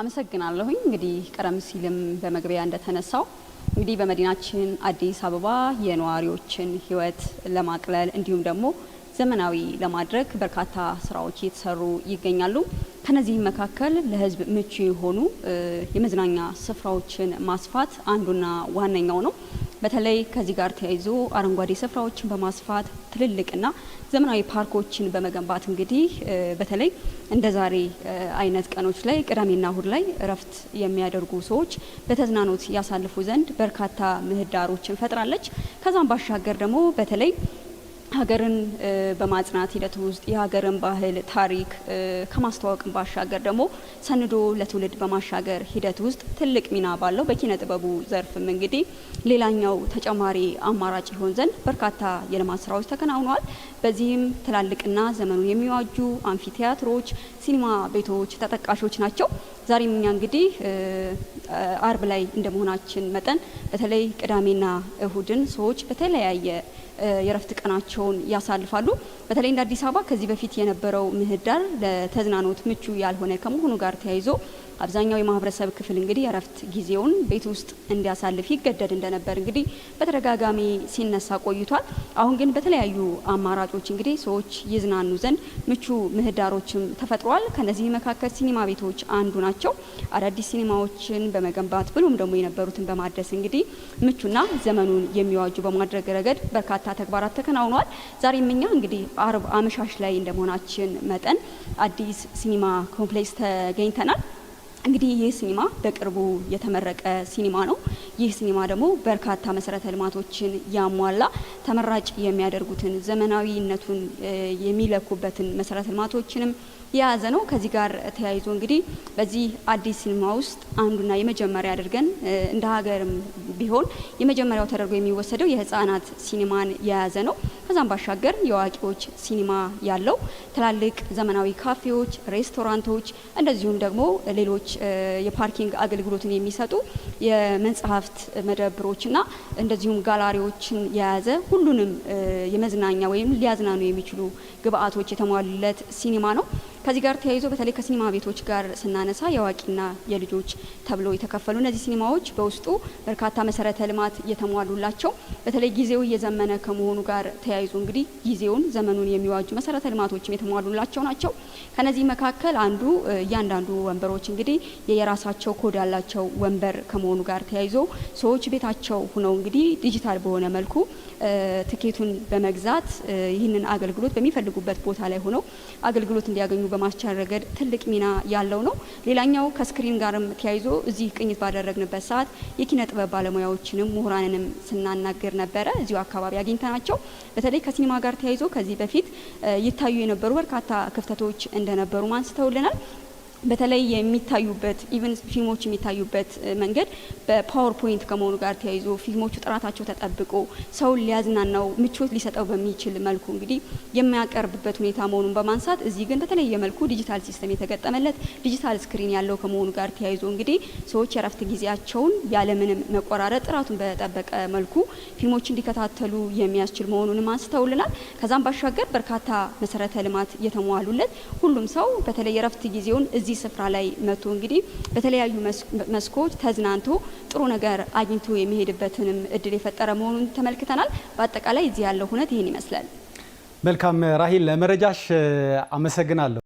አመሰግናለሁኝ። እንግዲህ ቀደም ሲልም በመግቢያ እንደተነሳው እንግዲህ በመዲናችን አዲስ አበባ የነዋሪዎችን ሕይወት ለማቅለል እንዲሁም ደግሞ ዘመናዊ ለማድረግ በርካታ ስራዎች እየተሰሩ ይገኛሉ። ከነዚህም መካከል ለህዝብ ምቹ የሆኑ የመዝናኛ ስፍራዎችን ማስፋት አንዱና ዋነኛው ነው። በተለይ ከዚህ ጋር ተያይዞ አረንጓዴ ስፍራዎችን በማስፋት ትልልቅና ዘመናዊ ፓርኮችን በመገንባት እንግዲህ በተለይ እንደ ዛሬ አይነት ቀኖች ላይ ቅዳሜና እሁድ ላይ እረፍት የሚያደርጉ ሰዎች በተዝናኖት ያሳልፉ ዘንድ በርካታ ምህዳሮችን ፈጥራለች። ከዛም ባሻገር ደግሞ በተለይ ሀገርን በማጽናት ሂደት ውስጥ የሀገርን ባህል ታሪክ ከማስተዋወቅን ባሻገር ደግሞ ሰንዶ ለትውልድ በማሻገር ሂደት ውስጥ ትልቅ ሚና ባለው በኪነ ጥበቡ ዘርፍም እንግዲህ ሌላኛው ተጨማሪ አማራጭ ይሆን ዘንድ በርካታ የልማት ስራዎች ተከናውነዋል። በዚህም ትላልቅና ዘመኑን የሚዋጁ አንፊቲያትሮች፣ ሲኒማ ቤቶች ተጠቃሾች ናቸው። ዛሬም እኛ እንግዲህ አርብ ላይ እንደመሆናችን መጠን በተለይ ቅዳሜና እሁድን ሰዎች በተለያየ የረፍት ቀናቸውን ያሳልፋሉ። በተለይ እንደ አዲስ አበባ ከዚህ በፊት የነበረው ምህዳር ለተዝናኖት ምቹ ያልሆነ ከመሆኑ ጋር ተያይዞ አብዛኛው የማህበረሰብ ክፍል እንግዲህ የረፍት ጊዜውን ቤት ውስጥ እንዲያሳልፍ ይገደድ እንደነበር እንግዲህ በተደጋጋሚ ሲነሳ ቆይቷል። አሁን ግን በተለያዩ አማራጮች እንግዲህ ሰዎች ይዝናኑ ዘንድ ምቹ ምህዳሮችም ተፈጥሯል። ከነዚህ መካከል ሲኒማ ቤቶች አንዱ ናቸው። አዳዲስ ሲኒማዎችን በመገንባት ብሎም ደግሞ የነበሩትን በማድረስ እንግዲህ ምቹና ዘመኑን የሚዋጁ በማድረግ ረገድ በርካታ ተግባራት ተከናውኗል። ዛሬም እኛ እንግዲህ አርብ አመሻሽ ላይ እንደመሆናችን መጠን አዲስ ሲኒማ ኮምፕሌክስ ተገኝተናል። እንግዲህ ይህ ሲኒማ በቅርቡ የተመረቀ ሲኒማ ነው። ይህ ሲኒማ ደግሞ በርካታ መሰረተ ልማቶችን ያሟላ ተመራጭ የሚያደርጉትን ዘመናዊነቱን የሚለኩበትን መሰረተ ልማቶችንም የያዘ ነው። ከዚህ ጋር ተያይዞ እንግዲህ በዚህ አዲስ ሲኒማ ውስጥ አንዱና የመጀመሪያ አድርገን እንደ ሀገርም ቢሆን የመጀመሪያው ተደርጎ የሚወሰደው የህፃናት ሲኒማን የያዘ ነው። ከዛም ባሻገር የአዋቂዎች ሲኒማ ያለው ትላልቅ ዘመናዊ ካፌዎች፣ ሬስቶራንቶች እንደዚሁም ደግሞ ሌሎች የፓርኪንግ አገልግሎትን የሚሰጡ የመጽሐፍት መደብሮችና እንደዚሁም ጋላሪዎችን የያዘ ሁሉንም የመዝናኛ ወይም ሊያዝናኑ የሚችሉ ግብአቶች የተሟሉለት ሲኒማ ነው። ከዚህ ጋር ተያይዞ በተለይ ከሲኒማ ቤቶች ጋር ስናነሳ የአዋቂና የልጆች ተብሎ የተከፈሉ እነዚህ ሲኒማዎች በውስጡ በርካታ መሰረተ ልማት እየተሟሉላቸው በተለይ ጊዜው እየዘመነ ከመሆኑ ጋር ተያይዞ እንግዲህ ጊዜውን ዘመኑን የሚዋጁ መሰረተ ልማቶችም የተሟሉላቸው ናቸው። ከነዚህ መካከል አንዱ እያንዳንዱ ወንበሮች እንግዲህ የየራሳቸው ኮድ ያላቸው ወንበር ከመሆኑ ጋር ተያይዞ ሰዎች ቤታቸው ሁነው እንግዲህ ዲጂታል በሆነ መልኩ ትኬቱን በመግዛት ይህንን አገልግሎት በሚፈልጉበት ቦታ ላይ ሆነው አገልግሎት እንዲያገኙ በማስቻል ረገድ ትልቅ ሚና ያለው ነው። ሌላኛው ከስክሪን ጋርም ተያይዞ እዚህ ቅኝት ባደረግንበት ሰዓት የኪነ ጥበብ ባለሙያዎችንም ምሁራንንም ስናናገር ነበረ። እዚሁ አካባቢ አግኝተናቸው በተለይ ከሲኒማ ጋር ተያይዞ ከዚህ በፊት ይታዩ የነበሩ በርካታ ክፍተቶች እንደነበሩ አንስተውልናል። በተለይ የሚታዩበት ኢቨን ፊልሞች የሚታዩበት መንገድ በፓወርፖይንት ከመሆኑ ጋር ተያይዞ ፊልሞቹ ጥራታቸው ተጠብቆ ሰውን ሊያዝናናው ምቾት ሊሰጠው በሚችል መልኩ እንግዲህ የሚያቀርብበት ሁኔታ መሆኑን በማንሳት እዚህ ግን በተለየ መልኩ ዲጂታል ሲስተም የተገጠመለት ዲጂታል ስክሪን ያለው ከመሆኑ ጋር ተያይዞ እንግዲህ ሰዎች የረፍት ጊዜያቸውን ያለምንም መቆራረጥ ጥራቱን በጠበቀ መልኩ ፊልሞች እንዲከታተሉ የሚያስችል መሆኑንም አንስተውልናል። ከዛም ባሻገር በርካታ መሰረተ ልማት የተሟሉለት ሁሉም ሰው በተለይ የረፍት ጊዜውን እዚህ ስፍራ ላይ መጥቶ እንግዲህ በተለያዩ መስኮች ተዝናንቶ ጥሩ ነገር አግኝቶ የሚሄድበትንም እድል የፈጠረ መሆኑን ተመልክተናል። በአጠቃላይ እዚህ ያለው ሁነት ይህን ይመስላል። መልካም ራሂል፣ ለመረጃሽ አመሰግናለሁ።